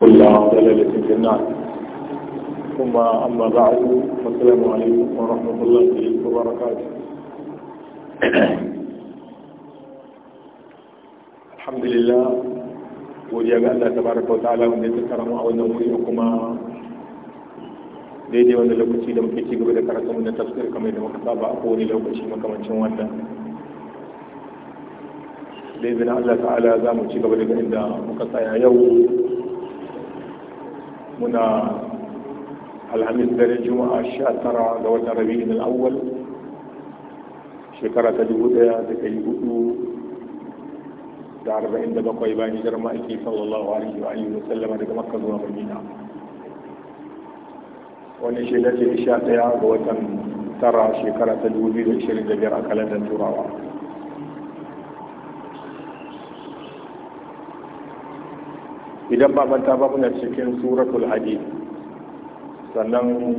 كل ضلالة في النار ثم أما بعد والسلام عليكم ورحمة الله وبركاته الحمد لله godiya ga Allah tabaraka wa ta'ala wanda ya tsara mu a wannan wuri kuma daidai wanda lokaci da muke ci gaba da karatun wanda tafsir kamar da muka saba a kowane lokaci makamancin wannan da izinin Allah ta'ala za mu ci gaba daga inda muka tsaya yau هنا هل عم يندرجوا اشياء ترى لو الربيع الاول شكرت الهدى لك يهدوا دار بين دبق ويباني جرمائك صلى الله عليه وآله وسلم لك مكة ومدينة ونشيلة الشاقية لو ترى شكرت الهدى لك شرد جرى كلا تنتراوا idan ba manta ba kuna cikin suratul hadid sannan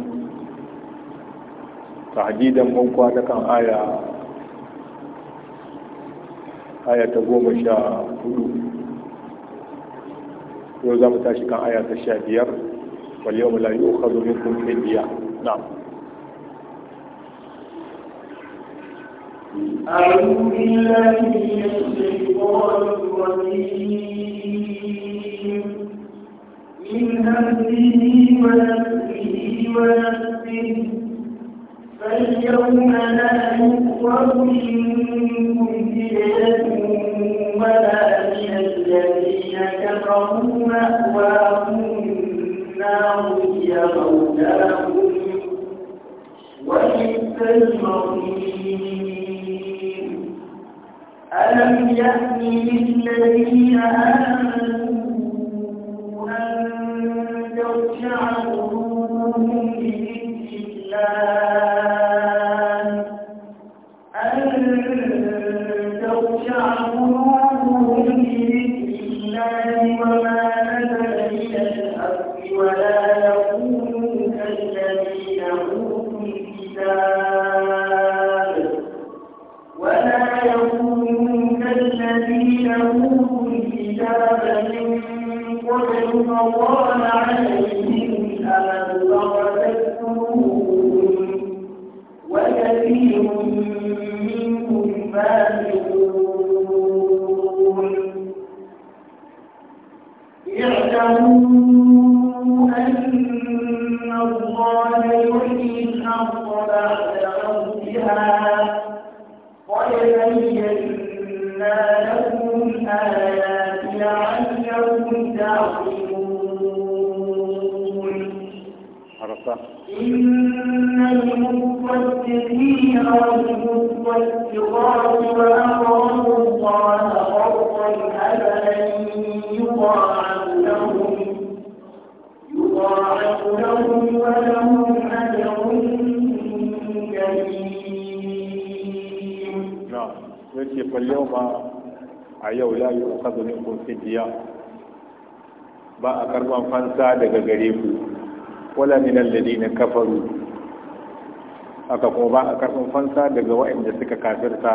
tahdidan mun kwana kan aya aya ta goma sha hudu yau za mu tashi kan aya ta sha biyar wal yawma la yu'khadhu minkum fidya na'am أعوذ بالله من الشيطان الرجيم من همزه ونفسه ونفسه فاليوم لا يؤخذ منكم na Thank you. ولهم أجر كريم نعم يأتي فاليوم أيو لا يؤخذ منكم فدية ba a karban fansa daga gare ku wala min alladina kafaru aka kuma ba a karban fansa daga waɗanda suka kafirta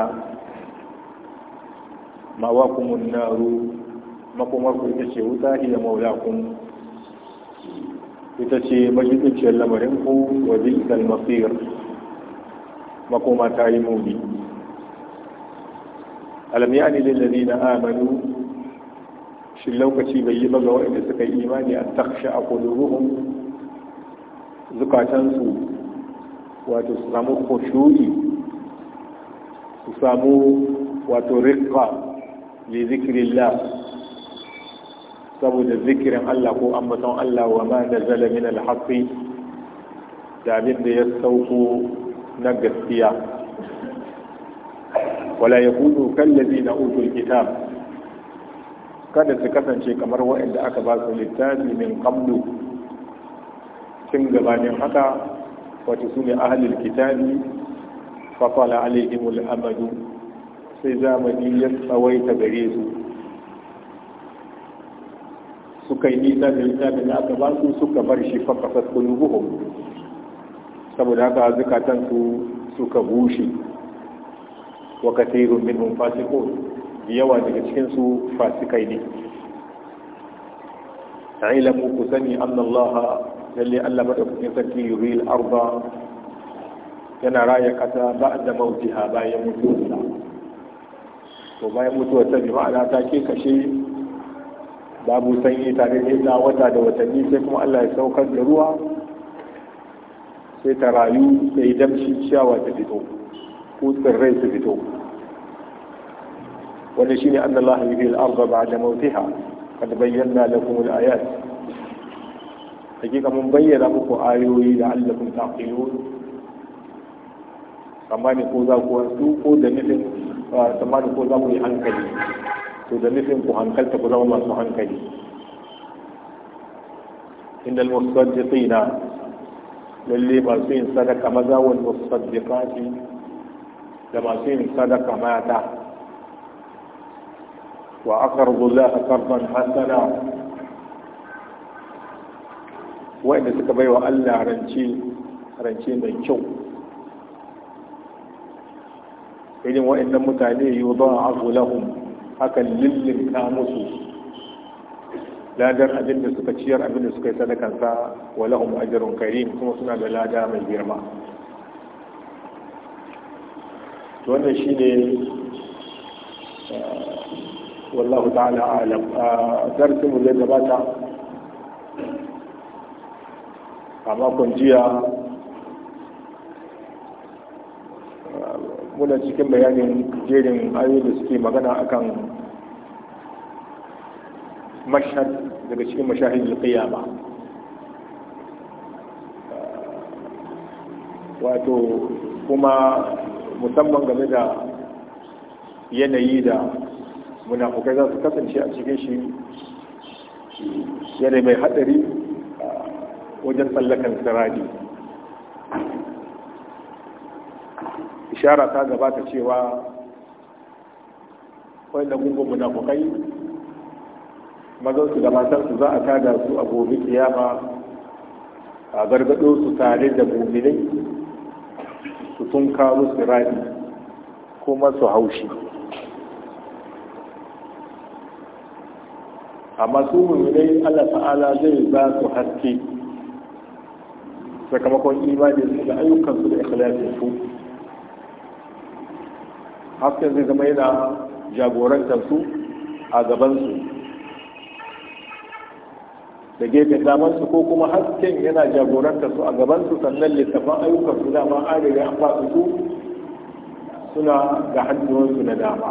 mawakumun naru makomar ku ita ce wuta hiya maulakun ita ce majiɗinciyar lamarin ku wa jilkal masir makoma ta yi muni alam ya na amanu shi lokaci bai yi ba ga waɗanda suka yi imani a taksha a kuduruhun zukatansu wato su samu koshuri su samu wato rikka li zikirillah saboda zikirin Allah ko ambaton Allah wa ma da min al da abin da ya sauko na gaskiya wala yakunu na utul kitab kada su kasance kamar waɗanda aka ba su littafi min qablu tun gabanin haka wata su ne ahalil kitabi fafala alaihimul amadu sai zamani ya tsawaita gare su suka yi nisa da littafin da aka ba su suka bar shi fa kasat qulubuhum saboda haka zakatan su suka bushe wa katirun minhum fasiqun yawa daga cikin su fasikai ne ilamu ku sani annallaha lalle Allah madaukakin sarki yuril Arba. yana raya kasa ba'da mautiha bayan mutuwarsa to bayan mutuwar ta bi ma'ana ta ke kashe babu sanyi tare da ita wata da watanni sai kuma Allah ya saukar da ruwa sai ta rayu sai damshi ciyawa ta fito kutsin rai su fito wanda shine annallaha yuhil arda ba'da mawtiha qad bayyana lakum al-ayat hakika mun bayyana muku ayoyi da allakum taqilun amma ne ko za ku wasu ko da nufin ah, tsammani ko za ku yi hankali to da nufin ku hankalta ku zama masu hankali inda al-musaddiqina lalle masu yin sadaka maza wal musaddiqati da masu yin sadaka mata wa aqradu Allah qardan hasana wa'inda suka baiwa Allah rance rance mai kyau irin wa'annan mutane yudha'afu lahum akan lillinka musu ladar abin da suka ciyar abinda suka yi sadakansa wa lahum ajrun karim kuma suna da lada mai girma to wannan shine eh, wallahu ta'ala alam a darsinmu da gabata a makon jiya eh, muna cikin bayanin jerin ayoyi da suke magana akan mashhad daga cikin mashahidul qiyama wato kuma musamman game da yanayi da munafukai za su kasance a cikin shi yanayi mai hadari wajen tsallakan sarari. ishara ta gabata cewa wanda gungun munafukai mazansu da matansu za a tada su a gobe kiyama a gargado su tare da muminai su tun kawo su rani kuma su haushi amma su muminai allah ta'ala zai ba su haske sakamakon imanin su da ayyukansu da ikhlasinsu hasken zai zama yana jagorantar su a gabansu da gefen damansu ko kuma hasken yana jagorantar su a gabansu sannan littafan ayyukansu dama an riga an ba su suna ga hannuwansu na dama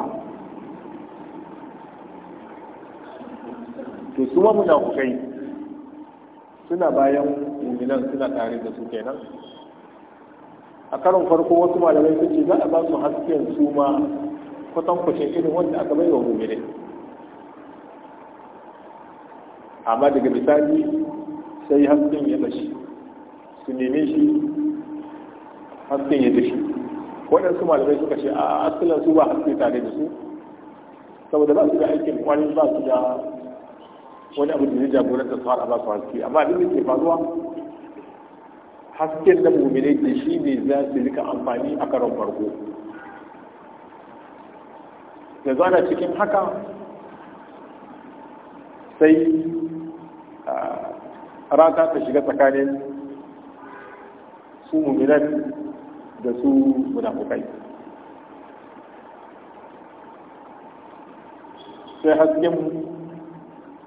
to su muna hukai suna bayan muminan suna tare da su kenan a karon farko wasu malamai su ce za a ba su hasken su ma kwatankwacin irin wanda aka bai wa mummine amma daga misali sai hasken ya bashi su neme shi hasken ya dashi waɗansu malamai suka ce a asalin su ba haske tare da su saboda ba su da aikin kwanin ba su da wani abu da zai jagoranta su tsara a ba su haske amma abin da ke faruwa hasken da mummine da shi ne za su rika amfani a karon farko yanzu ana cikin haka sai rata ta shiga tsakanin su muminan da su munafukai sai hasken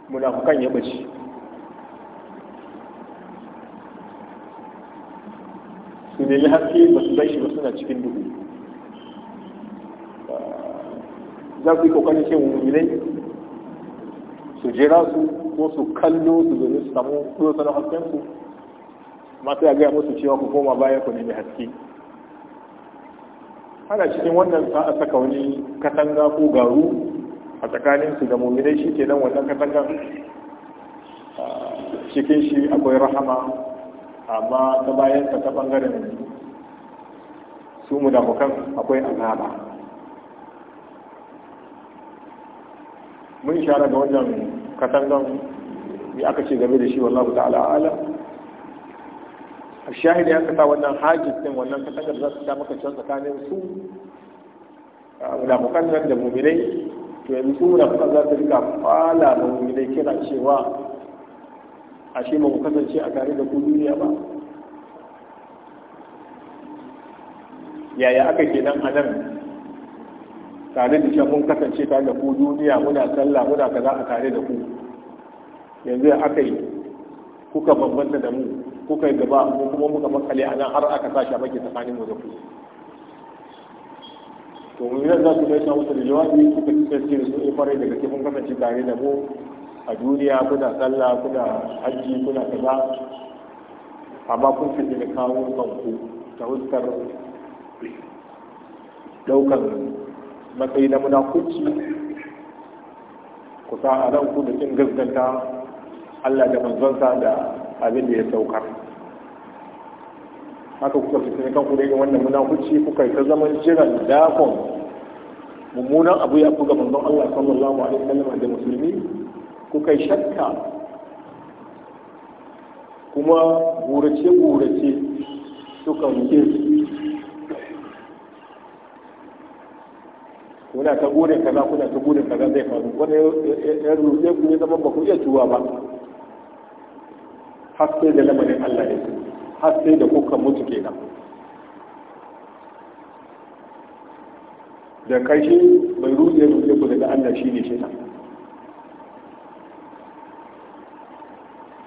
munafukan ya bace su nemi haske ba su bai shi ba suna cikin duhu za su yi kokarin ce mu'minai su jira su ko su kallo su zo su samu su sanar hasken su amma sai gaya musu cewa ku koma baya ku nemi haske ana cikin wannan sa'a saka wani katanga ko garu a tsakanin su da muminai shi ke nan wannan katanga cikin shi akwai rahama amma ta bayan ta bangaren su mu damukan akwai azaba mun shara ga wannan katangan ya aka ce game da shi wallahu ta'ala ala shahidi ya kasa wannan hajjis din wannan katangar za su ta maka can tsakanin su munafukan nan da muminai to yanzu su munafukan za su rika fala da muminai kira cewa a ba ku kasance a tare da ku duniya ba yaya aka nan a nan tare da shafin mun kasance tare da ku duniya muna sallah muna kaza a tare da ku yanzu ya aka yi kuka bambanta da mu kuka yi gaba ko kuma muka makale a nan har aka sa shi maki tsakanin mu da ku to mu yanzu za ku mai sa musu da jawabi kuka ci da su in eh, farai daga mun kasance tare da mu a duniya kuna sallah kuna hajji kuna kaza amma kun fi da kawo kanku ta wuskar daukar matsayi na munafunci kusa a nan ku da cin gaskanta Allah da manzonsa da abin da ya saukar haka kuka fitini kan ku da wannan munafunci kuka ta zaman jiran dakon mummunan abu ya ku ga manzon Allah sallallahu alaihi wasallam da musulmi kuka shakka kuma gurace-gurace suka yi. kuna ta burin kaza kuna ta burin kaza zai faru wani ya rufe ku ya zama ba ku iya tuwa ba haske da lamarin Allah ya haske da kuka mutu kenan da kashi mai rufe rufe ku daga Allah shine shi nan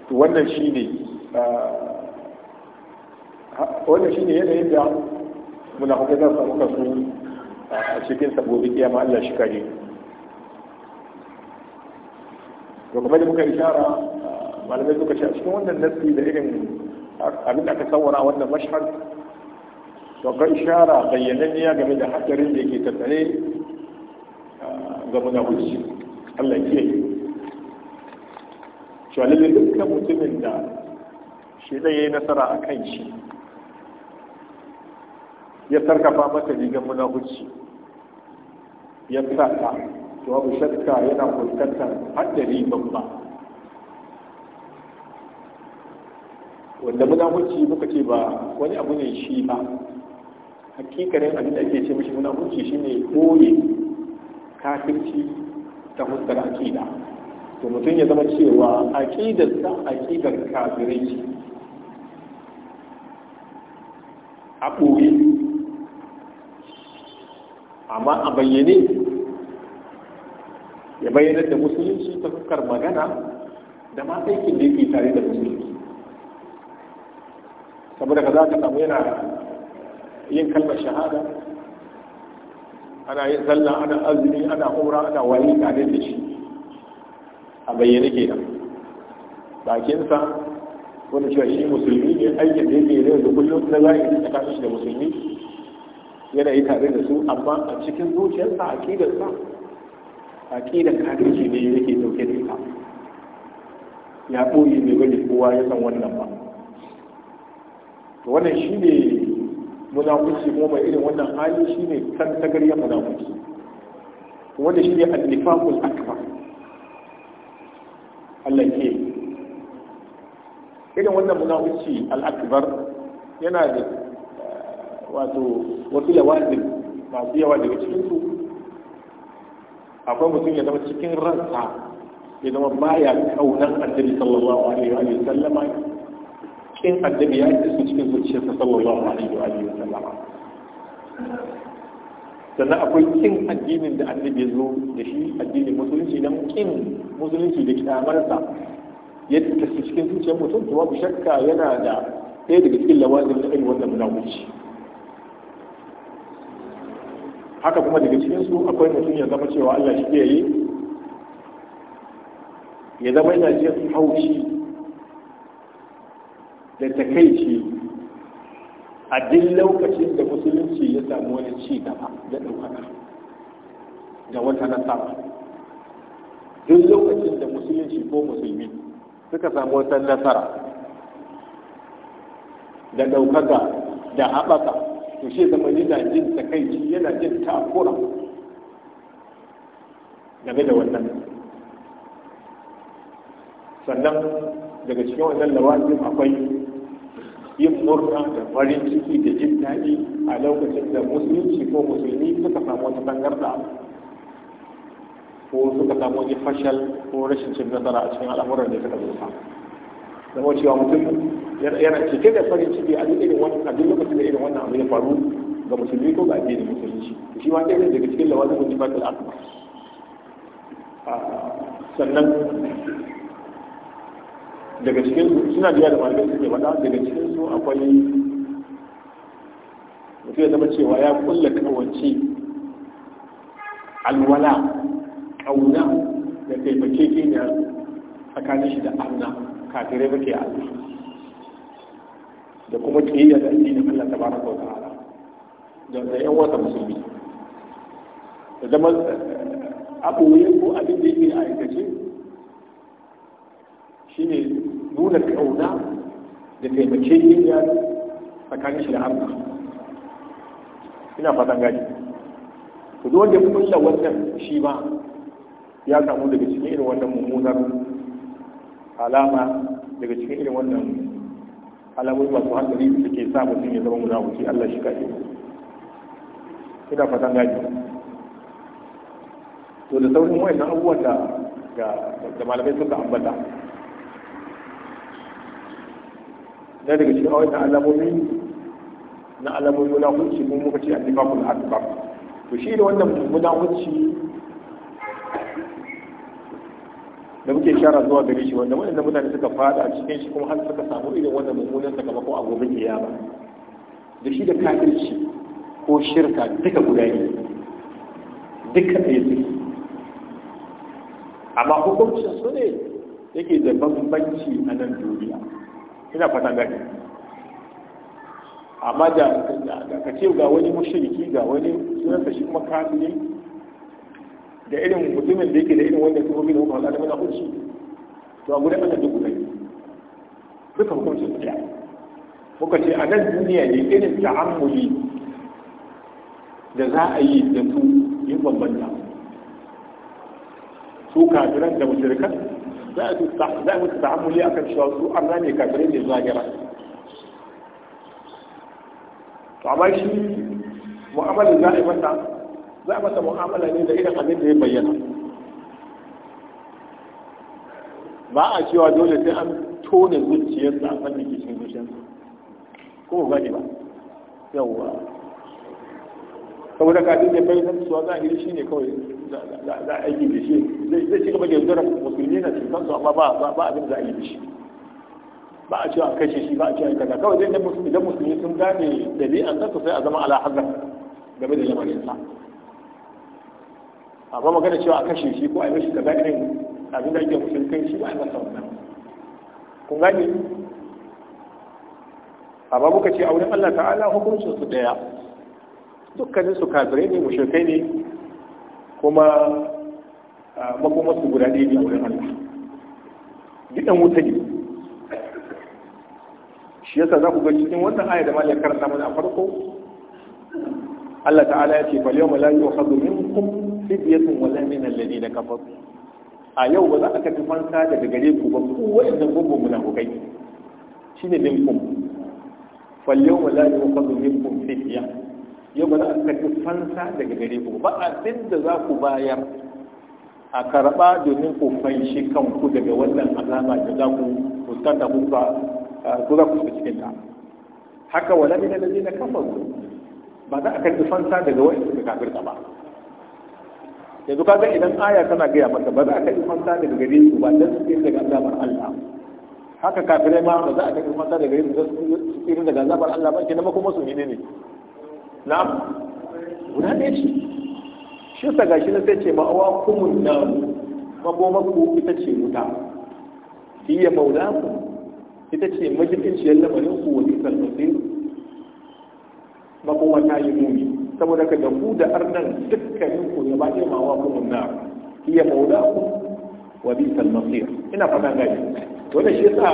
to wannan shine ah, wannan ne yanayin da muna za su kasu a cikin sabobi kiyama Allah shi kare to kuma da muka ishara malamai suka ce a cikin wannan nassi da irin abin da aka tsawara wannan mashhad to ga ishara bayyananniya game da hadarin da yake tattare ga munafiki Allah ya yi shi walalle dukkan mutumin da shi zai yi nasara a kan shi ya sarkafa mata rigar munafuci ya sata to abu shakka yana fuskantar haddari babba wanda munafuci muka ce ba wani abu ne shi ba hakikarin abin da ake ce mishi munafuci shine koyi kafirci ta fuskar akida to mutum ya zama cewa ta aƙidar kafirai ce a ɓoye amma a bayyane ya bayyana da musulunci ta fuskar magana da ma aikin da yake tare da musulunci saboda ka za ka samu yana yin kalmar shahada ana yin sallah ana azumi ana umra ana wani tare da shi a bayyane kenan bakinsa wanda cewa shi musulmi ne aikin da yake yi da kullum na zahiri tsakanin shi da musulmi yana yi tare da su amma a cikin zuciyarsa aqidarsa aqidar kafirci ne yake dauke da ita ya ɓoye bai gani kowa ya san wannan ba wannan shi ne munafuci kuma mai irin wannan hali shi ne kan tagarya munafuci wanda shi ne annifaqul akbar Allah ke irin wannan munafuci al-akbar yana da wato wasu lawazin masu yawa daga cikinsu akwai mutum ya zama cikin ransa ya zama baya kaunar addini sallallahu alaihi wa sallama kin addini ya yi su cikin zuciyarsa sallallahu alaihi wa sallama sannan akwai kin addinin da annabi ya zo da shi addinin musulunci don kin musulunci da kyamarsa yadda su cikin zuciyar mutum to babu shakka yana da ɗaya daga cikin lawazin da irin wannan munawuci haka kuma daga cikin su akwai mutum ya zama cewa Allah shi ke yi ya zama yana jin haushi da takaici a duk lokacin da musulunci ya samu wani ci gaba da ɗaukaka da wata nasara duk lokacin da musulunci ko musulmi suka samu wata nasara da ɗaukaka da haɓaka to shi zama yana jin takaici yana jin takura game da wannan sannan daga cikin wannan lawazin akwai yin murna da farin ciki da jin daɗi a lokacin da musulunci ko musulmi suka samu wata tangarda ko suka samu wani fashal ko rashin cin nasara a cikin al'amuran da suka zo sa zama cewa mutum yana cike da farin ciki a duk irin wannan abin lokacin da irin wannan abu ya faru ga musulmi ko ga addinin musulunci shi ma ɗaya daga cikin lawazin mun jima'a al'adu sannan daga cikin su suna biya da malamai suke faɗa daga cikin su akwai mutum ya zama cewa ya kulla kawance alwala ƙauna da taimake ne tsakanin shi da amna kafirai ba ke Allah da kuma kiyayya da addinin Allah tabaraka wa ta'ala da da yan wata musulmi da zama eh, abubuwan ko abin da yake aikace shine nuna kauna da taimake ya tsakanin shi da Allah ina fatan gani to duk wanda kulla wannan shi ba ya samu daga cikin irin wannan mummunar alama daga cikin irin wannan alamomi masu hankali da suke sa mutum ya zama munafiki Allah shi kare ina fatan gaji to da saurin wayannan abubuwan da da malamai suka ambata na daga cikin wayannan alamomi na alamomin munafiki mun muka ce annifaqul akbar to shi da wannan munafici da muke shara zuwa gare shi wanda wanda mutane suka fada a cikin shi kuma har suka samu irin wannan mummunan sakamako a gobe ba da shi da kafirci ko shirka duka guda ne duka da suke amma hukuncin su ne yake da bambanci a nan duniya ina fata gani amma da ka ce ga wani mushriki ga wani sunansa shi kuma kafiri da irin mutumin da yake da irin wannan sifofi da muka da mana hukunci to a gurin Allah duk ne duka hukuncin ɗaya muka ce a nan duniya ne irin ta'ammuli da za a yi da su yin bambanta su kafiran da mushrikan za a yi su za a kan ta'ammuli akan cewa su an rame kafirai ne zahira to amma shi mu'amalar za a yi masa za a masa mu'amala ne da irin abin da ya bayyana ba a cewa dole sai an tone zuciyarsa a fannin ke cikin zuciyarsa ko ba ne ba yawwa saboda kafin da bayyana suwa zahiri shi ne kawai za a aiki da shi zai ci gaba da musulmi na cikin su amma ba abin za a yi da shi ba a cewa kashe shi ba a cewa kaza kawai dai idan musulmi sun gane dabi'an sa sai a zama ala hazar game da lamarin sa amma magana cewa a kashe shi ko a yi mashi da irin abin da ake kai shi ba a yi masa wannan kun gani amma muka ce a wurin Allah ta'ala hukuncin su daya dukkanin su kafirai ne mushrikai ne kuma makoma su guda ɗaya ne a wurin Allah gidan wuta ne shi yasa za ku ga cikin wannan aya da malaka karanta mana a farko Allah ta'ala ya ce fal yawma la yu'khadhu min fidyatun wala min da kafar a yau ba za a tafi fansa daga gare ku ba ku wa'annan gungun munafukai shine minkum fal yawma la yuqadu minkum fidya yau ba za a tafi fansa daga gare ku ba abin da za ku bayar a karɓa domin ku fanshi kanku daga wannan alama da za ku fuskanta ku ba ku za ku shiga cikin ta haka wala min da kafar ba za a karɓi fansa daga wa'annan suka kafirta ba yanzu ka ga idan aya tana gaya maka ba za ka yi manta daga gare su ba dan su tsira daga azabar Allah haka kafirai ma ba za a kai manta daga gare su dan su tsira daga azabar Allah ba kenan kuma su ne ne na'am guda ne shi shi sa gashi na sai ce ma'awa kumun na maboma ku ita ce wuta hiya maulaku ita ce ciyar lamarin ku wani kalmasir makoma ta yi mumi saboda ka da ku da arnan dukkanin ku ya ba iya mawa ku munna iya maula ku wa bi salmasir ina fata gani wannan shi yasa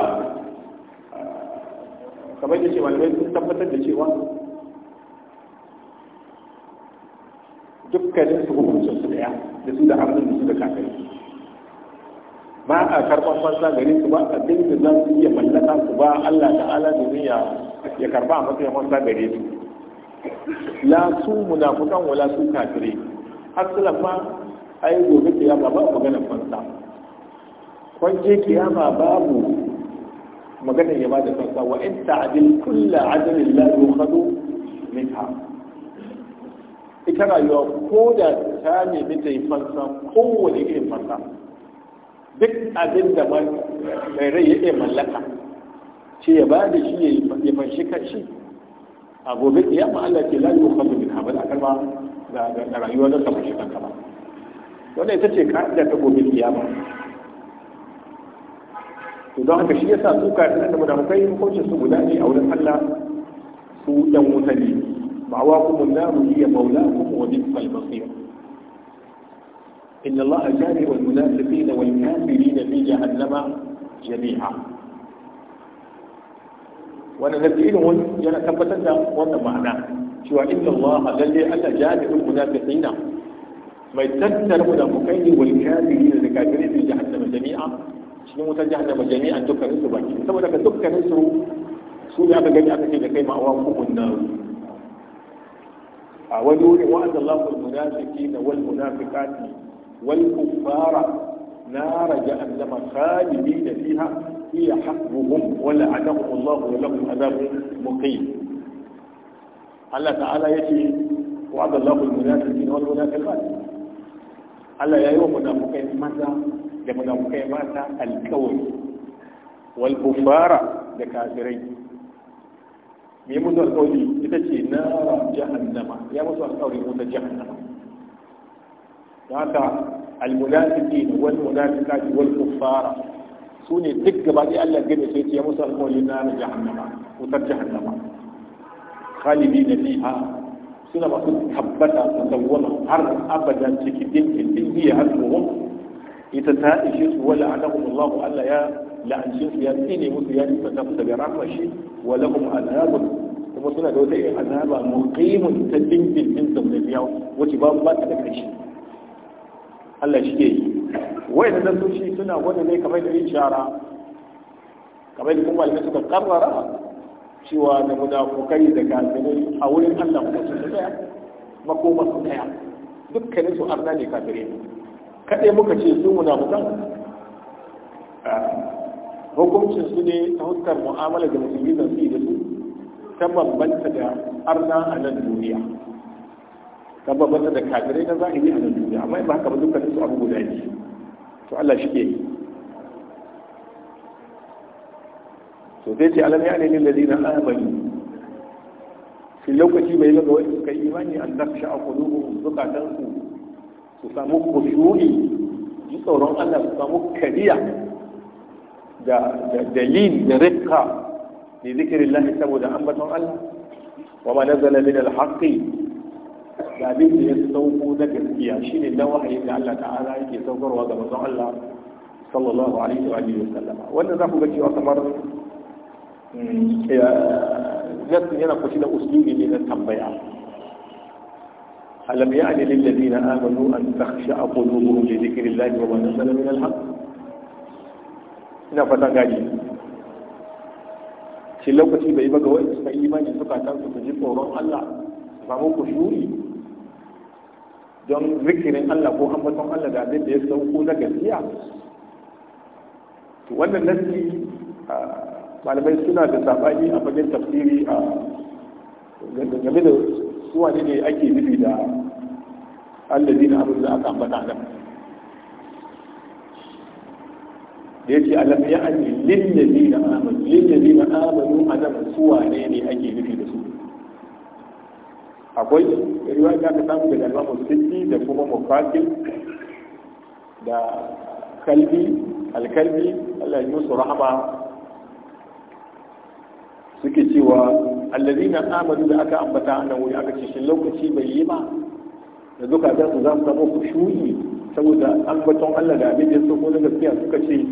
kamar da cewa malamai sun tabbatar da cewa dukkanin su hukuncin su daya da su da arnan da su da kafirai ba a karɓar fansa gare su ba a dinga za su iya mallaka su ba Allah ta'ala domin ya karɓa a matsayin fansa gare su la su munafukan wala su kafire asalan ma ai gobe ya ba magana fansa kwanje kiyama babu magana ya da fansa wa in ta'dil kullu adlin la yukhadu minha ita rayuwa ko da ta nemi ta yi fansa kowane irin fansa duk abin da mai rai ya mallaka ce ya ba da shi ya fashi kashi a gobe kiyama Allah ke lalu khallu min habal akan ba da rayuwa da samun shi kanka ba wannan ita ce ka'ida ta gobe kiyama to don haka shi yasa su kafirai da munafikai hukuncin su guda ne a wurin Allah su yan wuta ne ba wa kuma namu hiya maulakum wa ni'mal masir إن الله جامع المنافقين والكافرين في جهنم جميعا wanda na fi irin wani yana tabbatar da wannan ma'ana cewa inna Allah lalle Allah jami'ul munafiqina mai tattar munafikai ne wal kafirin da kafirin fi jahannama jami'a cikin wutar jahannama jami'a dukkanin su baki saboda ka dukkanin su su ne aka gani aka ce da kai ma'awa hukun na a wani wuri wa'ada Allahu al-munafiqina wal munafiqati wal kuffara nara jahannama khalidina fiha هي ولا ولعنهم الله ولهم عذاب مقيم الله تعالى يجي وعد الله المنافقين والمنافقات الله يا يوم مقيم ماذا مقيم ماذا الكون والكفار لكافرين me musu alƙawari ita نار جهنم يا ya musu alƙawari جهنم هذا المنافقين والمنافقات والكفار su ne duk gaba ɗaya Allah gane sai ce ya musu alƙawari na na jahannama wutar jahannama khalidi da fiha suna masu tabbata su dawwama har abada cikin dinkin dinki ya hasbuhum ita ta ishe su wala anahum Allah Allah ya la'ancin su ya tsine musu ya tsanta su daga rahmar shi wa lahum azabun kuma suna da wata irin azaba muqimun ta dinkin din da biya wace babu ba ta da kashi Allah shi ke yi wai da soci suna gwada ne kamar da yin shara kamar da kuma malamai suka karrara cewa da kokari da kafirai a wurin Allah kuma su daya makoma su daya dukkanin su arna ne kafirai kaɗai muka ce su mutan. hukuncin su ne ta hukar mu'amala da musulmi da su da su ta bambanta da arna a nan duniya ta bambanta da kafirai na zahiri a nan duniya amma ba haka ba dukkanin su abu guda ne to Allah shi ke yi to sai ce alam ya ne lil ladina amanu shi lokaci bai ga wai suka imani an daksha a qulubuhum zukatan su su samu khushu'i ji tsoron Allah su samu kariya da dalil da rifqa li zikrillah saboda ambaton Allah wa ma nazala min al ga abin da ya sauko na gaskiya shi ne na wahayi da Allah ta'ala yake saukarwa ga mazan Allah sallallahu alaihi wa alihi wasallam wannan za ku ga cewa kamar nasin yana kuci da usulubi ne na tambaya alam ya'ni lil ladina amanu an takhsha'a qulubuhum li dhikrillahi wa ma nazala min al-haqq ina fata gaji shi lokaci bai ba ga wani suka imani suka tansu su ji tsoron Allah samu kushuri don zikirin Allah ko ambaton Allah da abin da ya sauko na gaskiya to wannan nasi malamai suna da sabani a fagen tafsiri a game da suwa ne ne ake nufi da Allah na abin da aka ambata Adam da yake alam ya ani lillazi na amanu lillazi na amanu adam suwa ne ne ake nufi da su akwai da riwaya da aka samu daga al-Imam Siddi da kuma Mufakil da Kalbi al-Kalbi Allah ya musu rahama suke cewa allazina amanu da aka ambata a nan wuri aka ce shin lokaci bai yi ba da duka za su za su zama kushuyi saboda ambaton Allah da abin da ya ko na gaskiya suka ce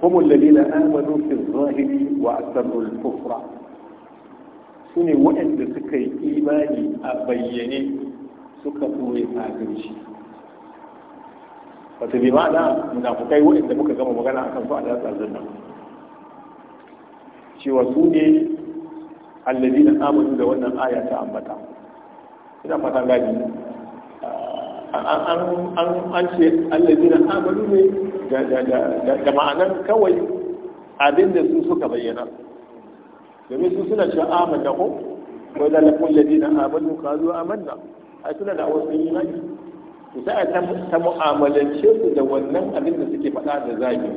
humul ladina amanu fi zahiri wa asarrul kufra su ne waɗanda suka yi imani a bayyane suka ɓoye kafirci wata bi ma'ana munafukai waɗanda muka gama magana a kan fa'ada a nan. cewa su ne allazi na amanu da wannan aya ta ambata ina fata gani an ce allazi na amanu ne da ma'anar kawai abinda su suka bayyana domin su suna cewa amanna ko wa na laqul ladina amanu qalu amanna ai suna da wasu imani to sai ta mu'amalance su da wannan abin da suke faɗa da zagi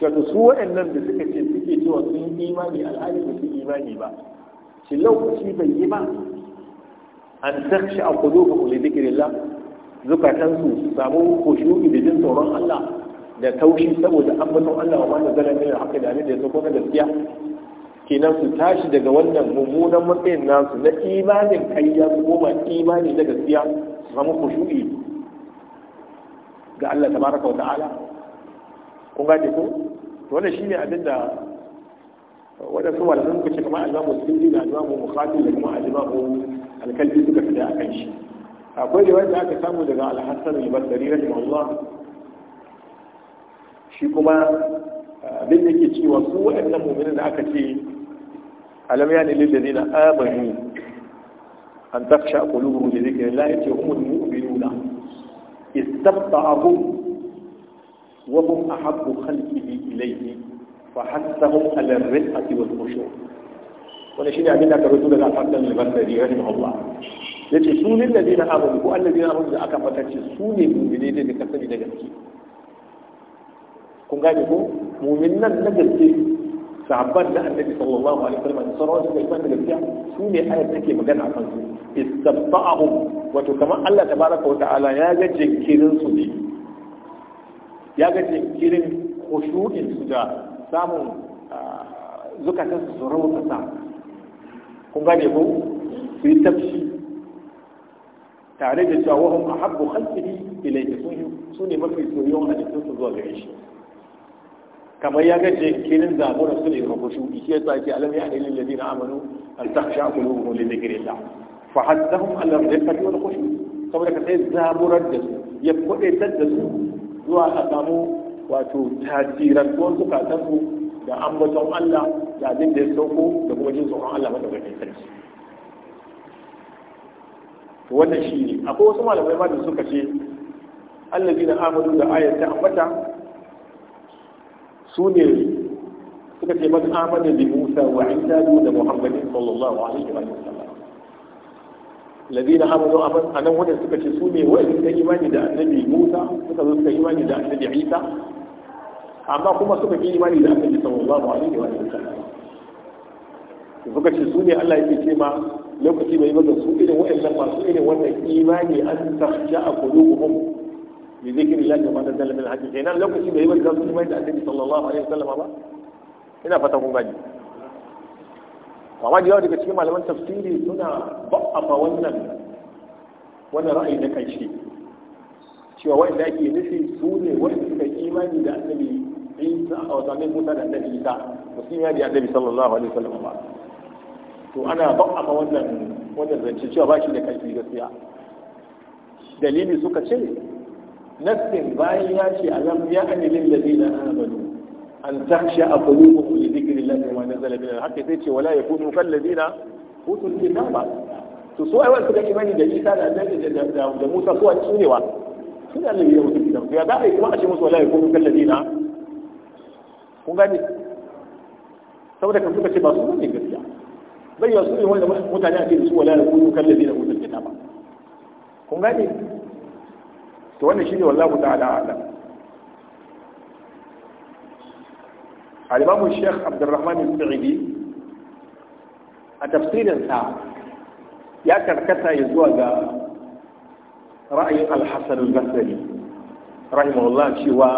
wato su waɗannan da suka ce suke cewa sun yi imani al'adu ba su imani ba shi lokaci bai yi ba an tashi a kudu ga kuli zikirillah zukatansu su samu koshiyu da jin tsoron Allah da taushi saboda ambaton Allah wa ma da zalar ne da haka da ne da ya sauko na gaskiya kenan su tashi daga wannan mummunan matsayin nasu na imanin kayya ko ma imani na gaskiya su samu kushu'i ga Allah tabaraka wa ta'ala kun gaje ko to wannan shine abin da waɗansu malaman suka ce kamar al-Imam Sirri da Allah mu Mukhatil da kuma al-Imam suka fada akan shi akwai da wanda aka samu daga Al-Hassan al-Basri rahimahullah shi kuma abin da ke cewa su waɗannan mu'minin da aka ce alam ya lil ladina amanu an taksha qulubuhum li dhikrillah yace humul mu'minuna istabta'ahum wa hum ahabbu khalqihi ilayhi fa hassahum ala a rifati wal khushu' wani shi ne abin da aka rubuta daga fadlan al-basri rahimahullah yace su ne ladina amanu ko alladina amanu da aka fatace su ne mu'mini da ka sani da gaske kun gane ko mu'min nan na gaske sahabban da annabi sallallahu alaihi wasallam da sauran suka imani da gaskiya su ne ayar take magana kan su istabta'ahum wato kamar Allah tabaraka wa ta'ala ya ga jinkirin su ne ya ga jinkirin khushu'in su da samun ah, zukatan su rawa ta kun gane ko su yi tafshi tare da cewa wahum ahabbu khalqihi ilayhi sun ne mafi soyayya a cikin su zuwa gare shi kamar ya gace kirin zabo su ne ka kushu shi yasa ke alam ya alil ladina amanu an takhsha qulubuhum li dhikrillah fa haddahum alam yakati wal khushu saboda ka sai zamurar da su ya kudaitar da su zuwa a samu wato tajiran ko su katansu da ambaton Allah da abin da ya sauko da kuma jin tsoron Allah madaukakin sarki wannan shi ne akwai wasu malamai ma da suka ce allazina amanu da ta ambata su ne suka ce man amana bi Musa wa Isa da Muhammadin sallallahu alaihi wa sallam الذين امنوا امن انا wanda suka ce su ne wai suka imani da annabi Musa suka zo suka imani da annabi Isa amma kuma suka yi imani da annabi sallallahu alaihi wa sallam suka ce su ne Allah yake ce ma lokaci bai maka su irin wa'annan masu irin wannan imani an tahja qulubuhum bi zikrillah wa ma nazala min al-haqq kenan lokaci bai yi wani zasu mai da annabi sallallahu alaihi wasallam ba ina fata kun gani amma da yawa daga cikin malamai tafsiri suna ba'afa wannan wannan ra'ayi na kanshi cewa wanda ake nufi su ne wanda suka imani da annabi Isa a wata ne Musa da da sallallahu alaihi ba to ana ba'afa wannan wannan zance cewa ba shi da kanshi gaskiya dalili suka ce nassin bayan ya ce a alam ya anilin ladina amanu an taksha qulubuhum li dhikrillahi wa nazala bil haqq sai ce wala yakunu kal ladina utul kitaba to so ai wanda kake mani da Isa da da da Musa ko an cinewa sun da ne mutum kitab ya da kuma a ce musu wala yakunu kal ladina kun gani saboda kan suka ce ba su ne gaskiya bai yasu ne wanda mutane a ce su wala yakunu kal ladina utul kitaba kun gani to wannan shine wallahu ta'ala a'lam al-imam shaykh Abdurrahman al-Sa'idi a sa ya karkata ya zuwa ga ra'ayin al-Hasan al-Basri rahimahullah cewa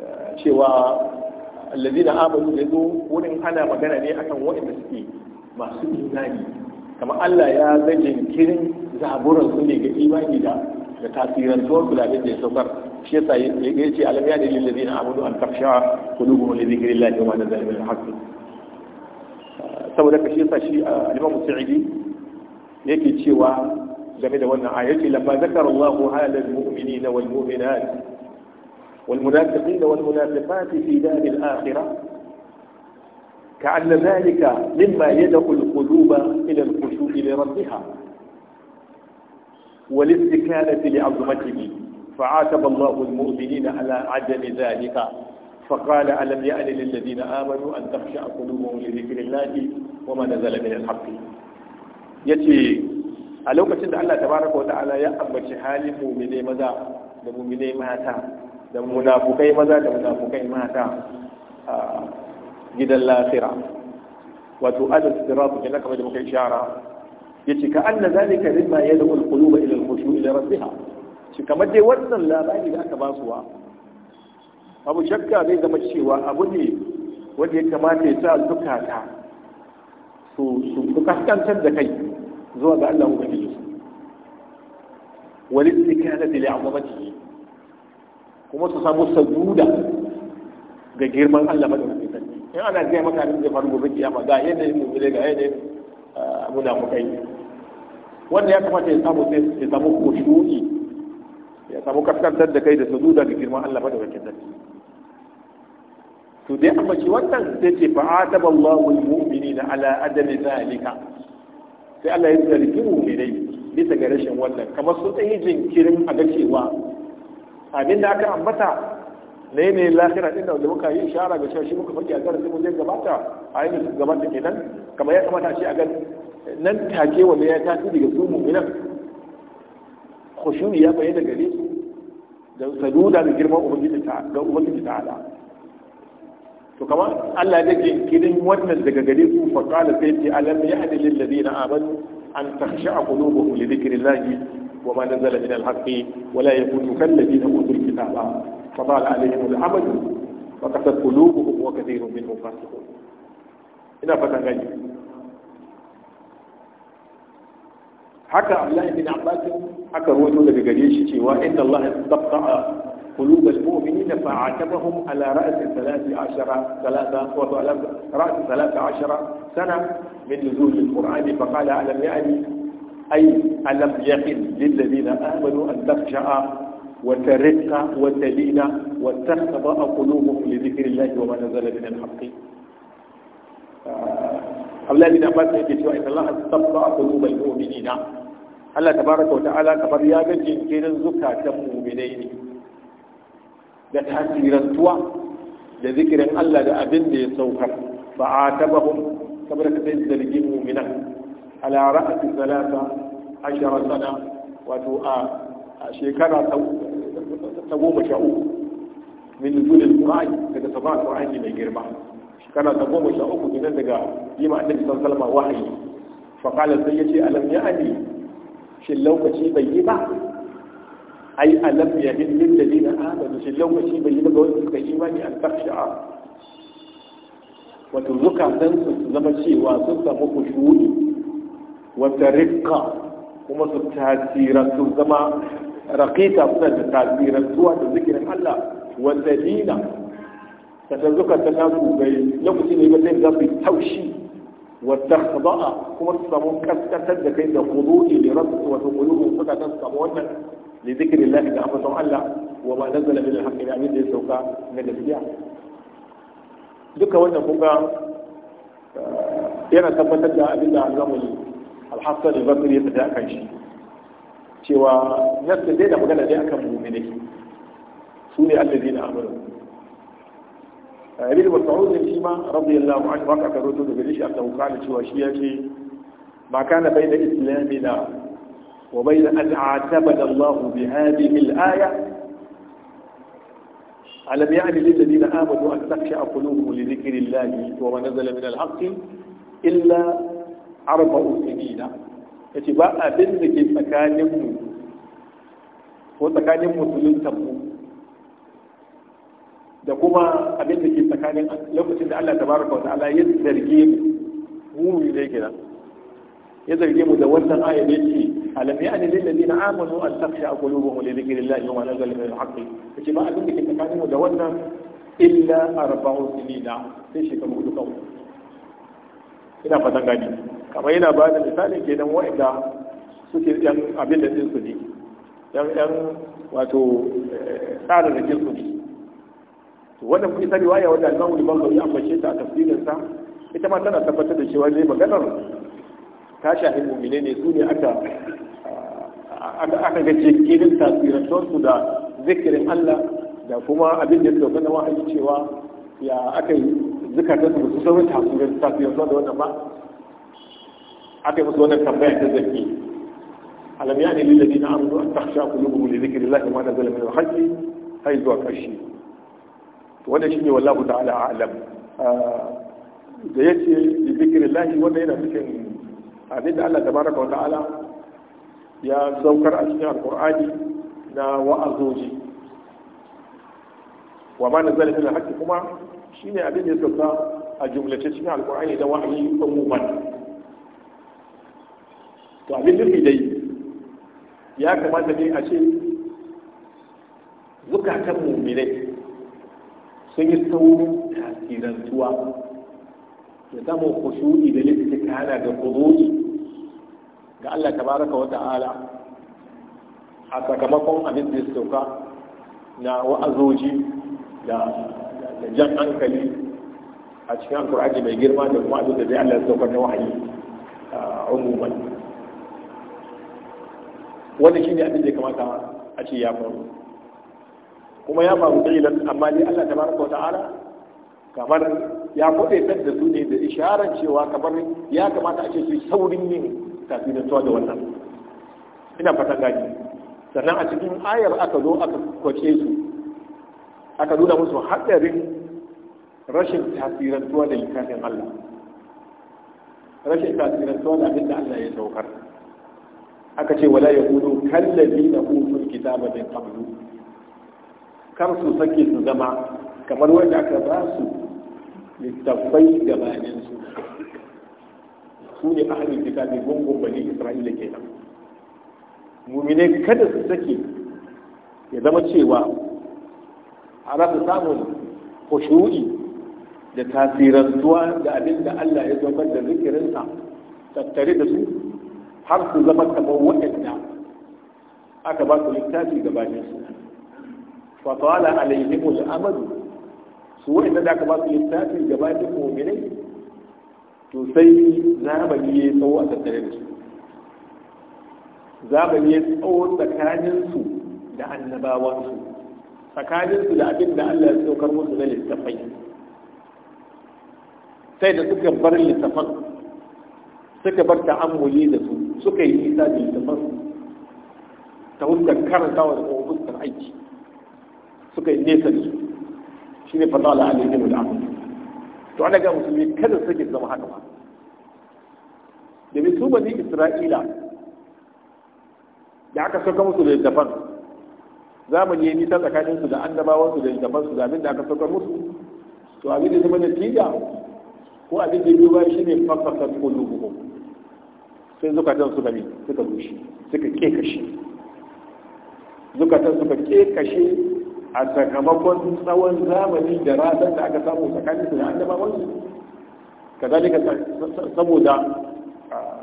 eh, cewa allazina amanu da zo wurin ana magana ne akan waɗanda suke masu imani kamar Allah ya zajin kirin zaburan su ne ga imani da da tasirantuwar su da abin da ya saukar shi yasa ya ce alam ya dalil ladina amanu an tafsha qulubuhum li dhikrillahi wa ma nazala min al-haqq saboda ka shi yasa shi al-imam sa'idi yake cewa game da wannan aya yake lamma zakara Allah halal mu'minina wal mu'minat wal munafiqina wal munafiqati fi dar al-akhirah كأن ذلك مما يدعو القلوب إلى الخشوع لربها والاستكانة لعظمته فعاتب الله المؤمنين على عدم ذلك فقال ألم يأن للذين آمنوا أن تخشع قلوبهم لذكر الله وما نزل من الحق يتي a lokacin da Allah tabaraka wa ta'ala ya ambaci halin mu'mine maza da mu'mine mata da munafukai maza da munafukai mata a gidan lafira wato adal siratu kenan kamar da muka shara. yace ka anna zalika mimma yad'u al-quluba ila al-khushu' ila rabbiha shi kamar dai wannan labari da aka basuwa abu shakka zai zama cewa abu ne wanda ya kamata ya sa zukata su su kaskantar da kai zuwa ga Allah ubangiji wal istikanati li 'azamatihi kuma su samu saduda ga girman Allah madaukakin sarki in ana gaya maka abin da faru gobe kiyama ga yadda mu ga yadda yi wanda ya kamata ya samu sai ya samu kushu'i ya samu kaskantar da kai da su da girma Allah wakil sarki to dai amma shi wannan sai ce fa ataba Allahu na ala adami zalika sai Allah ya zargi mu'minai bisa ga rashin wannan kamar sun yi jinkirin a ga cewa abin da aka ambata na yanayin lahira din da muka yi shara ga shi muka faɗi a darasin mun zai gabata a yi gabata kenan kamar ya kamata shi a gan nan take wanda ya tasiri daga su mu'minan khushu'i ya bayyana gare su da saduda da girman ubangiji ta ga ubangiji ala. to kamar Allah ya ce kidan wannan daga gare su fa qala sai ce alam ya'ni lil ladina amanu an takhsha'a qulubuhum li dhikrillahi wa ma nazala min al-haqqi wa la yakunu kal ladina utul kitaba fa qala alaihim al-amad wa qasat qulubuhum wa kathirun minhum fasiqun ina fatan gani haka Abdullahi bin Abbas haka ruwato daga gare shi cewa inna Allah yastaqa'a قلوب المؤمنين فعاتبهم على رأس ثلاث عشر ثلاثة وعلى رأس ثلاث عشر سنة من نزول القرآن فقال ألم يعني أي ألم يقل للذين آمنوا أن تخشع وترق وتلين وتخطب قلوبهم لذكر الله وما نزل من الحق الله بن عباس يقول إن الله استبقى قلوب المؤمنين Allah tabaraka wa ta'ala kamar ya ga jinkirin zukatan mu'minai ne da tasirantuwa da zikirin Allah da abin da ya saukar fa atabahum kamar ka sai zargin mu'minan ala ra'ati salata ashara sana wato a shekara ta goma sha uku min nuzulil qur'ani daga sabata qur'ani mai girma shekara ta goma sha uku kenan daga yi ma annabi sallallahu alaihi wasallam wahayi fa qala sai yace alam ya'ni shi lokaci bai yi ba ai alam ya hin min dalilin amanu shi lokaci bai yi ba ga wanda suka yi ba imani an taksha wato zukatan su zama cewa sun samu kushuri wata rikka kuma su tasira su zama rakita suna da tasirar zuwa da zikirin Allah wata dina ta zukatan nasu bai lokaci ne ba zai zafi taushi والتخضاء كما تسمون كتكتد da تخضوء لرب وتقلوه فتا تسمون لذكر الله كأفة الله وما نزل من الحق إلى عميد يسوكا من الاسبيع duka wannan kunga yana tabbatar da abin da zamani alhassan al-basri ya tsada kan shi cewa nasu dai da magana dai akan mu'minai su ne allazina amanu ibn mas'ud shi ma radiyallahu anhu haka ka roto daga shi a tawkala cewa shi ya ce ma kana bayna islamina wa bayna an atabada Allah bi hadhihi al-aya ألم يعن للذين آمنوا أن تخشع قلوبهم لذكر الله وما نزل من الحق إلا أربع سنين yace ba abin da ke tsakaninmu ko tsakanin musulun tabu da kuma abin da ke tsakanin lokacin da Allah tabaraka wa ta'ala ya zarge mu mu ne kenan ya zarge mu da wannan aya da yake alam ya'ni lil ladina amanu an takhsha qulubuhum li dhikrillahi wa ma nazala min al-haqqi kace ba abin da ke tsakanin mu da wannan illa arba'u sinina sai shekaru hudu kawai ina fatan gani kamar yana ba da misali kenan wa'anda suke yan abin da din su ne yan yan wato eh, tsarin da su ne wannan kuma ita riwaya wanda Imam Ibn ya ambace ta a tafsirin sa ita ma tana tabbatar da cewa dai maganar ta shafi mu'mine ne su ne aka aka ga cikin tasirantar su da zikirin Allah da kuma abin da suka na wahayi cewa ya aka yi zikatar su su sauran tasirantar da wannan ba aka yi musu wannan tambaya ta zaki alam ya ne lillazi na amuru an taksha kulubu li zikirillahi ma nazala min al-hajji hay zuwa kashi wannan shine wallahu ta'ala a'lam ah, da yace bi zikrillahi wanda yana cikin abin da Allah tabaraka wa ta'ala ya saukar a cikin Alƙur'ani na wa'azoji wa ma nazala min haƙƙi kuma shi ne abin da ya sauka a jumlace cikin alqur'ani da wa'ayi umuman to abin da dai ya kamata ne a ce zukatan ne. sun yi saurin tasirantuwa ya zama kushu'i da listikana da kuzuci ga Allah tabaraka wa ta'ala a sakamakon abin da ya na wa'azoji da jan hankali a cikin alkur'ani mai girma da kuma abin da zai Allah ya sauka na wahayi a umuman wanda shi ne abin da ya kamata a ce ya faru kuma ya faru dalilan amma ni Allah tabaraka ta'ala kamar ya kuɗe da su ne da isharar cewa kamar ya kamata a ce su saurin yin kafin da da wannan ina fata gani sannan a cikin ayar aka zo aka kwace su aka nuna musu haɗarin rashin tasirantuwa da littafin Allah rashin tasirantuwa da abin da Allah ya saukar aka ce wala ya hudu kallabi da hutun kitabar min qablu kar su sake su zama kamar wanda aka ba su littafai gabanin su su ne jika ne gungun bane isra'ila kenan mumine kada su sake ya zama cewa a rasa samun kushuri da tasirantuwa da abin da Allah ya zama da zikirinsa tattare da su har su zama kamar waɗanda aka ba su littafi gabanin su fa tawala alaihim al-amad su wanda da aka ba su lissafi gaba da mu'minai to sai zamani ya tsawo a tattare da su zamani ya tsawo tsakanin da annabawansu, tsakaninsu da abin da Allah ya saukar musu na littafai sai da suka bar littafan suka bar ta'ammuli da su suka yi nisa da littafan ta huskar karantawa da kuma huskar aiki suka yi nesa da su shi ne fata ala alaihi da al'amu to ana ga musulmi kada su zama haka ba domin su bani isra'ila da aka sauka musu da littafan zamani ya nisa tsakaninsu da an wasu da littafansu su, zamin da aka sauka musu to abin da zama natija ko abin da biyu ba shi ne ko kulubu sai zukatan su ne suka rushe suka ke kashe zukatan suka ke kashe a sakamakon tsawon zamani da ranar da aka samu tsakanin su da an ka su kazalika saboda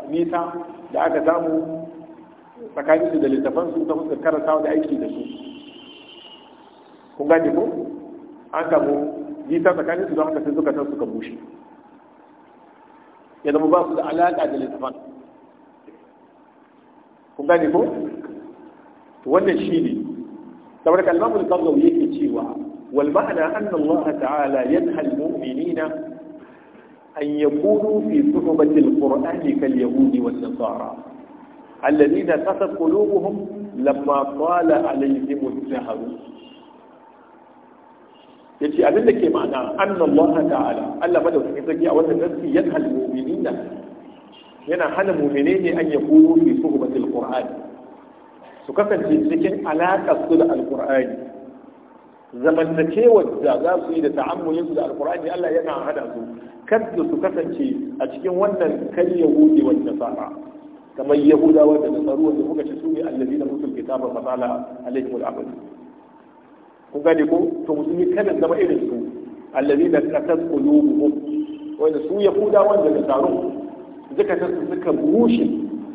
nisa da aka samu tsakanin su da littafan su ta fuskar karantawa da aiki da su kun gane ko an samu nisa tsakanin su don haka sai suka san suka bushe ya zama ba su da alaƙa da littafan kun gane ko wannan shi ne تبارك الإمام القرضوي يكتشيوا والمعنى أن الله تعالى ينهى المؤمنين أن يكونوا في صحبة القرآن كاليهود والنصارى الذين قصد قلوبهم لما طال عليهم الزهر يجي أن لك معنى أن الله تعالى ألا بدا وتكتكي أولا نفسي ينهى المؤمنين هنا المؤمنين أن يكونوا في صحبة القرآن su kasance cikin alaƙar su da alƙur'ani zamantakewar da za su yi da ta'ammulin su da alƙur'ani Allah yana hada su kadda su kasance a cikin wannan kan yahudi wa nasara kamar yahudawa da nasaru wanda kuka ci su ne allazi da musul kitaba fasala alaihi wal abad kun gane ko to musulmi kada zama irin su allazi da qasas qulubuhum wanda su yahudawa da nasaru zakatansu suka bushe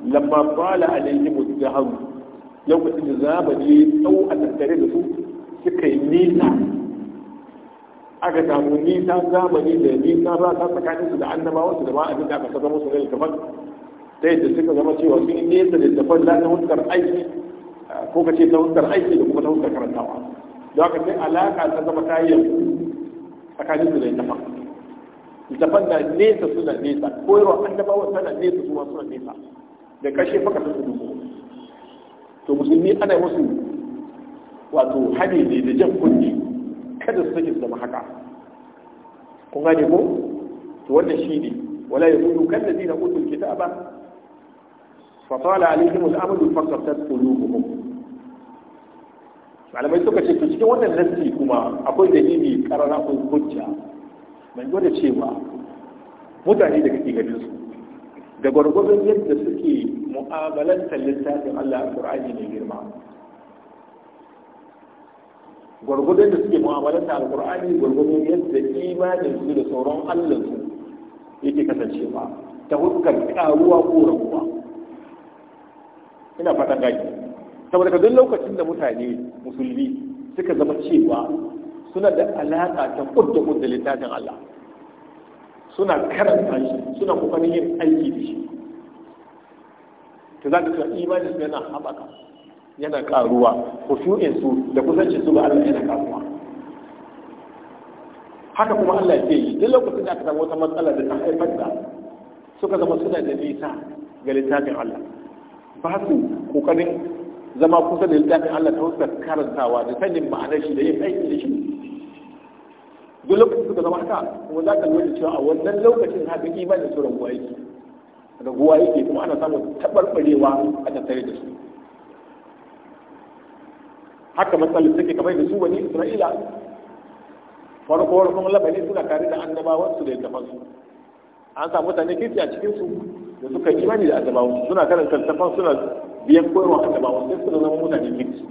lamma bala alaihim al-dahru lokacin da zamani ya tsawo a tattare da su suka yi nisa aka samu nisa zamani da nisa ba ta tsakanin su da annabawan su da ma abin da aka saka musu na littafan ta yadda suka zama cewa sun yi nesa da littafan da ta huskar aiki ko ka ce ta huskar aiki da kuma ta huskar karantawa don haka sai alaka ta zama ta yi tsakanin su da littafan littafan da nesa suna nesa koyarwa annabawan tana nesa su ma suna nesa da kashe faka sun su dubu to musulmi ana musu wato hane ne da jan kunni kada su sake su zama haka kun gane ko to wannan shi ne wala ya kudu kan da zina kudu kita ba fasala alaihim al'amadu fakasat qulubuhum malamai suka ce to cikin wannan nassi kuma akwai dalili karara ko hujja mai gwada cewa mutane da kake ganin su da gwargwadon yadda suke mu'amalantar littafin Allah Qur'ani mai girma gwargwadon da suke mu'amalantar Al-Qur'ani gwargwadon yadda imanin su da tsoron Allah su yake kasancewa ta hukar karuwa ko rabuwa ina fatan gaki saboda ka duk lokacin da mutane musulmi suka zama cewa suna da alaƙa ta kudda kudda littafin Allah suna karanta shi suna kokarin yin aiki da shi Ta za ka imani su yana haɓaka yana ƙaruwa kusurin su da kusanci su ga Allah yana ƙaruwa haka kuma Allah ya yi duk lokacin da aka samu wata matsala da ta haifar da suka zama suna da nisa ga littafin Allah ba su kokarin zama kusa da littafin Allah ta wasu karantawa da sanin ma'anar shi da yin aiki da shi duk lokacin suka zama haka kuma za ka lura cewa a wannan lokacin haka imanin su raguwa yake raguwa yake kuma ana samun taɓarɓarewa a tattare da su haka matsalin take kamar da su wani isra'ila farko farkon labari suna kare da su da su an samu mutane kirki a cikinsu da suka imani da annabawa suna karanta littafan suna biyan koyarwa annabawa sai suna zama mutane kirki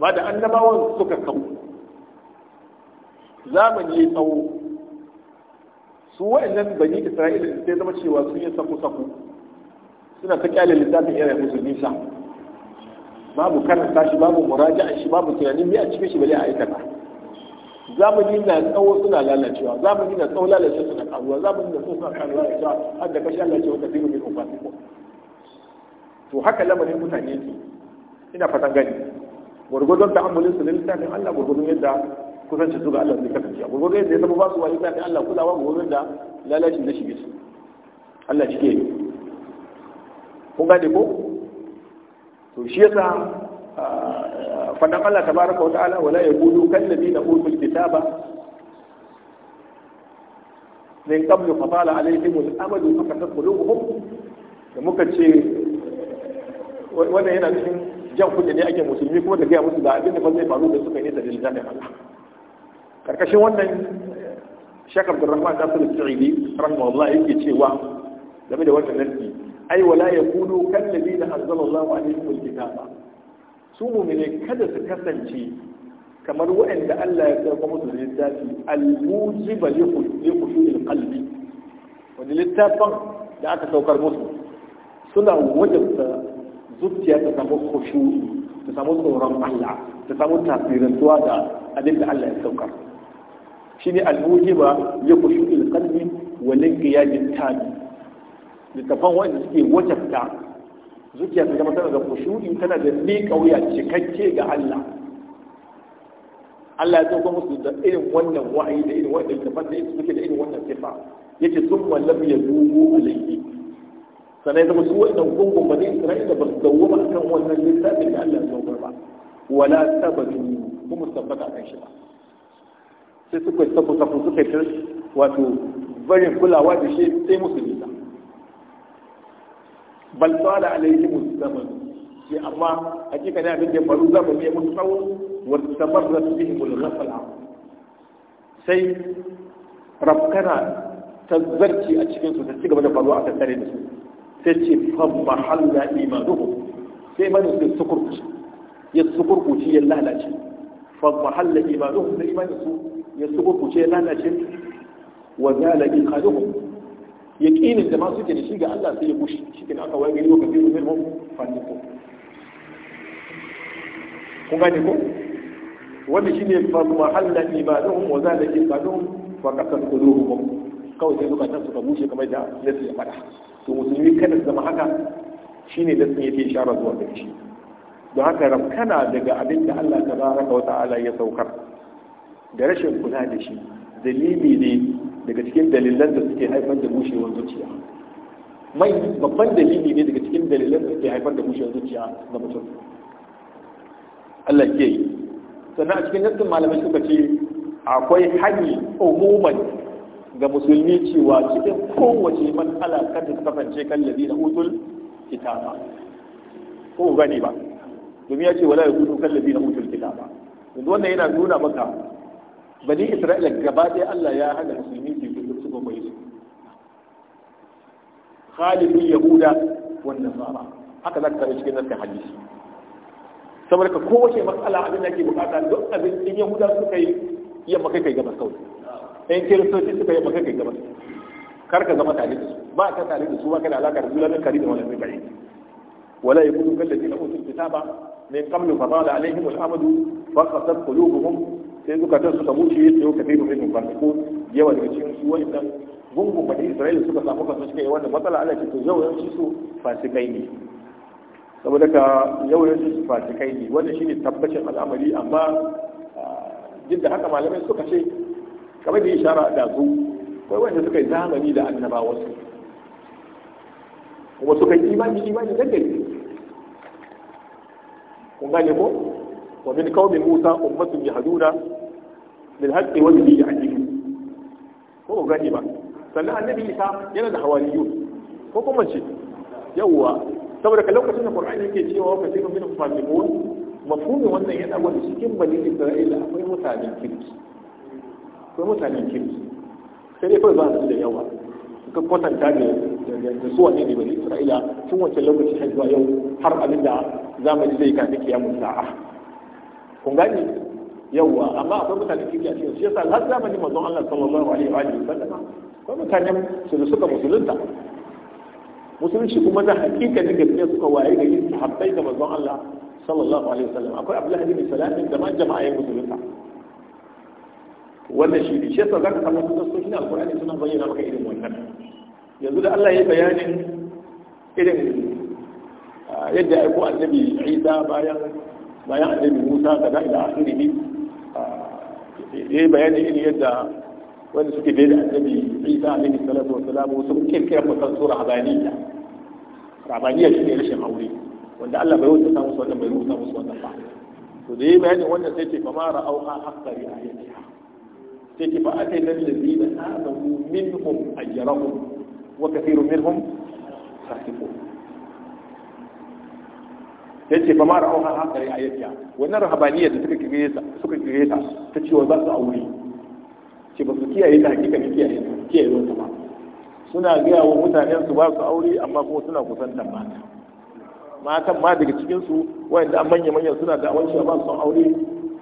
ba da annabawa suka kawo zamani ya tsawo su wa'annan bani isra'ila sai zama cewa sun yi sako-sako suna ta kyale littafin irin musu nisa babu karanta shi babu muraja'a shi babu tunanin mai a cikin shi bale a aikata zamani na tsawo suna lalacewa zamani na tsawo lalacewa suna karuwa zamani na tsawo suna karuwa lalacewa har da kashi Allah ce wata zai rubuta ba to haka lamarin mutane ke ina fatan gani gurgurdon ta amulin na littafin Allah gurgurdon yadda kusanci su ga Allah zai kasance a gobe da ya zama ba su wani kafin Allah kulawa ga gobe da lalacin da shige su Allah shi ke kun gane ko to shi yasa fadan Allah tabaraka wa ta'ala wala ya yakunu kal ladina utul kitaba min qablu fa tala alaihim al-amadu fa kasat qulubuhum da muka ce wannan yana cikin jan kuɗi ne ake musulmi kuma da gaya musu ga abin da zai faru da suka yi da lillahi Allah karkashin wannan shakar da rahman ta fi sa'idi rahmanullah yake cewa game da wannan nasi ai wala ya kallabi yakunu kal ladina anzalallahu alaihim alkitaba su mu'mine kada su kasance kamar waɗanda Allah ya karɓa musu da littafi al-mujiba li khushu'il qalbi wanda littafin da aka saukar musu suna wajabta zuciya ta samu khushu'i ta samu tsoron Allah ta samu tasirantuwa da abin da Allah ya saukar shine al-mujiba li khushu'il qalbi wa linqiyadit tabi littafan wanda suke wajabta zuciya ta zama tana da khushu'i tana da miƙa wuya cikakke ga Allah Allah ya zo musu da irin wannan wa'ayi da irin wannan littafan da suke da irin wannan sifa yace sun wallam ya dubu alayhi sanai zama su wannan gungun bani Isra'ila ba su dawo dawwama kan wannan littafin da Allah ya zo ba wala tabatu kuma tabbata kan shi ba sai suka yi sako sako suka yi wato barin kulawa da shi sai musu nisa bal tsala musu zaman shi. amma hakika ne abin da faru zamani ya mutu tsawo wa tabarrat bihim al-ghafla sai rabkana tazarci a cikin su ta ci gaba da faruwa a tattare da su sai ce fabba halla imanuhu sai imanin su sukurkuci ya sukurkuci ya lalace fabba halla imanuhu da imanin su ya suko kuce lalace wa zala iqaluhum yaqinin da ma suke da shi ga Allah sai ya bushe shi aka ko gari wa kafiru minhum faniqu kun gane ko wanda shine fa ba imanuhum wa zala iqaluhum wa qasat qulubuhum kawai sai zukatan suka bushe kamar da nasu ya faɗa to musulmi kada su zama haka shine ya yake shara zuwa gare shi don haka ramkana daga abin da Allah baraka wa ta'ala ya saukar da rashin kula da shi dalili ne daga cikin dalilan da suke haifar da bushewar zuciya mai babban dalili ne daga cikin dalilan da suke haifar da bushewar zuciya ga mutum Allah ke yi sannan a cikin yankin malamai suka ce akwai hanyar umuman ga musulmi cewa cikin kowace matsala kan suka fance kan lazi da utul kitaba ko gani ba domin ya ce wala ya kan lazi da utul kitaba yanzu wannan yana nuna maka bani isra'ila gaba ɗaya allah ya hana musulmi su yi su gwamma su halibin yahuda wannan fara haka za ka sami cikin naskan hadisi saboda ka kowace matsala abin da ke bukata don abin in yahuda suka yi yamma kai kai gabas kawai in kiristoci suka yamma kai kai gabas kar ka zama tare da su ba ka tare da su ba ka da alaka da su lamin kari da wani mai Wala kai ولا يكونوا كالذين اوتوا الكتاب من قبل فطال عليهم الامد فقست قلوبهم sai zukatan suka mutu ya tsayo ka daidu ba ko yawa daga cikin su wani dan gungun bani isra'ila suka samu kansu suka yi wannan matsala Allah ce to yawanci su fasikai ne saboda ka yau yawanci su fasikai ne wannan shine tabbacin al'amari amma ah, duk da haka malamai suka ce kamar da ishara da su kai wanda suka yi zamani da annabawa su kuma suka yi imani imani da gari kun gane ko wa min qaumi musa ummatun yahduna bil haqqi wa bihi yahdi ko ba gani ba sannan annabi isa yana da hawariyu ko kuma ce yawwa saboda ka lokacin da qur'ani yake cewa ka cikin min fasiqun mafhumi wannan yana gwada cikin bani isra'ila akwai mutanen kirki akwai mutanen kirki sai dai kawai ba su da yawa ka kwatanta da da su wane ne bani isra'ila tun wancan lokaci har zuwa yau har abin da zamani zai kafin kiyamun sa'a kun gani yawwa amma akwai mutane kirki a cikin shi yasa har zamani manzon Allah sallallahu alaihi wa alihi sallama akwai mutane su da suka musulunta musulunci kuma na hakika ne gaskiya suka waye da yin sahabbai da manzon Allah sallallahu alaihi wa wasallam akwai Abdullahi bin Salam da ma jama'a ya musulunta wannan shi shi yasa zaka samu sunan sunan alqur'ani suna bayyana maka irin wannan yanzu da Allah ya yi bayanin irin ah, yadda ya aiko annabi Isa bayan bayan annabi Musa da ila akhirih yayi bayani irin yadda wanda suke bai da annabi Isa alaihi salatu wassalam sun kirkira mutan sura habaniya rabaniya shine rashin aure wanda Allah bai wuce samu su wannan bai wuce samu su wannan ba to da yayi bayani wannan sai ce fa ma ra'auha haqqa ri'ayatiha sai ce fa akai lil ladina amanu minhum ajrahum wa kathirun minhum fasiqun yace fa mara ra'uha hankali ya ayatiya wannan rahabaniya da suka kire ta suka kire ta ta cewa za su aure ce ba su kiyaye ta hakika ne kiyaye kiyaye wata ba suna gaya wa mutanen su ba su aure amma kuma suna kusantar mata matan ma daga cikin su wanda an manya manyan suna da awanci ba su aure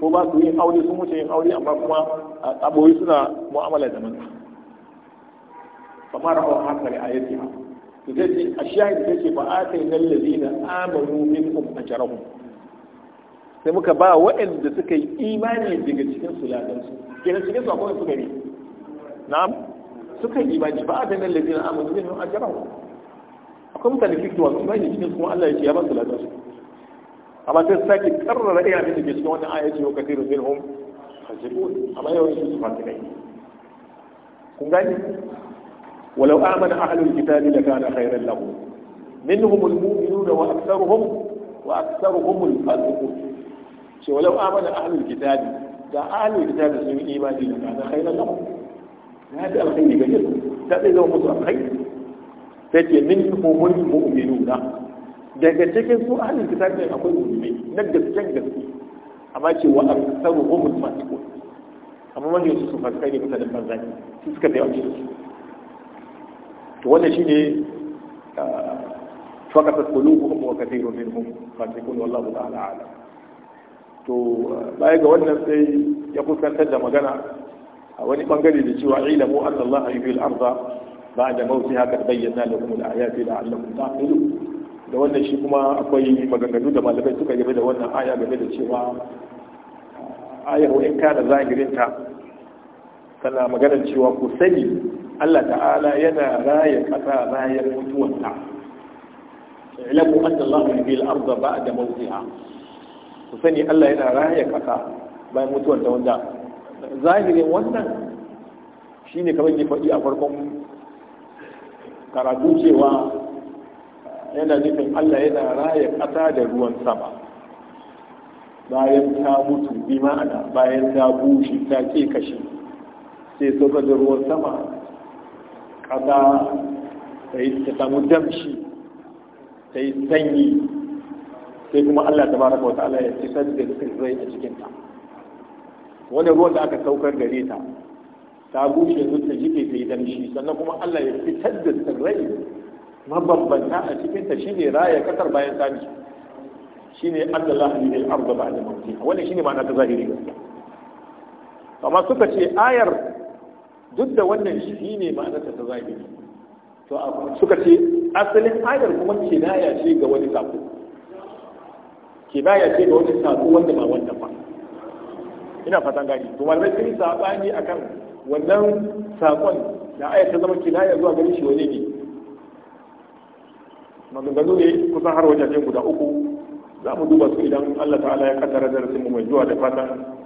ko ba su yin aure sun wuce yin aure amma kuma aboyi suna mu'amala da mata fa mara ra'uha hankali ya ayatiya zai ce a shahid ce ba a kai nan lalina amanu min um ajarahum sai muka ba waɗanda suka yi imani daga cikin su ladansu kenan cikin su akwai suka ne na'am suka yi imani ba a kai nan lalina amanu min um A akwai mutane fitowa su imani cikin kuma Allah ya ce ya ba su ladansu amma sai sake karrara iya abin da ke cikin wannan ayaci wa kasiru minhum fasibun amma yawan su su fasikai kun gani ولو آمن أهل الكتاب لكان خيرا لهم منهم المؤمنون وأكثرهم وأكثرهم الفاسقون ولو آمن أهل الكتاب da ahalin kita da sun yi imani da kana khairan lahum ya da alkhairi ga su ta daga cikin su ahalin kita ne akwai mu'mini na gaskiyar gaske amma ce wa aktsaruhum fasiqun amma wanda su fasikai ne kusa da banzani su suka da su to wannan shine ah, faqatat qulubuhum wa kathirun minhum fatikun wallahu ta'ala ala to ah, bai ga wannan sai ya kusantar da magana a wani bangare da cewa ilamu anna Allah yuhil arda ba'da mawtiha kad bayyana lakum al-ayati la'allakum ta'qilun da wannan shi kuma akwai maganganu da malamai suka yi da wannan aya game da cewa ah, ayar wa'in kana zahirinta tana maganar cewa ku sani Allah ta'ala yana raya kasa rayar mutuwarta ilamu anna Allah yuhyi al-ardha ba'da mawtiha ku sani Allah yana raya kasa bayan mutuwarta wanda zahirin wannan shine kamar ke faɗi a farkon karatu cewa yana nufin Allah yana raya kasa da ruwan sama bayan ta mutu bi ma'ana bayan ta bushe ta ke kashe sai saukar da ruwan sama ƙasa ta yi ta samu damshi ta yi sanyi sai kuma Allah ta baraka wa ta'ala ya fitar da tsirrai a cikinta wani ruwan da aka saukar gare ta ta bushe yanzu ta jike ta yi damshi sannan kuma Allah ya fitar da tsirrai mabambanta a cikinta shi shine raya kasar bayan sami ne Allah ya yi halilil a ba'da mawtiha wannan shine ma'ana ta zahiri amma suka ce ayar duk da wannan shi ne ma'anarta ta zahiri to a suka ce asalin ayar kuma ke kinaya ce ga wani sako kinaya ce ga wani sako wanda ba wanda ba ina fatan gani to malamai sun yi sabani akan wannan sakon da ayar ta zama ke kinaya zuwa gani shi wani ne maganganu ne kusan har wajajen guda uku za mu duba su idan Allah ta'ala ya kaddara darasin mu mai zuwa da fatan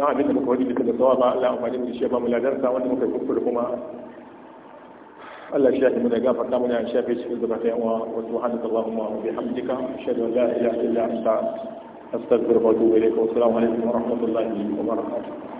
dan abin da muka wani bisa da sawa ba Allah amfani mu shi ba mu ladarsa wanda muka kuskure kuma Allah shi ya mu da gafarta mu ya shafe cikin zubata yan uwa wa subhanaka allahumma wa bihamdika ashhadu an la ilaha illa anta astaghfiruka wa atubu ilayk wa assalamu alaikum wa rahmatullahi wa barakatuh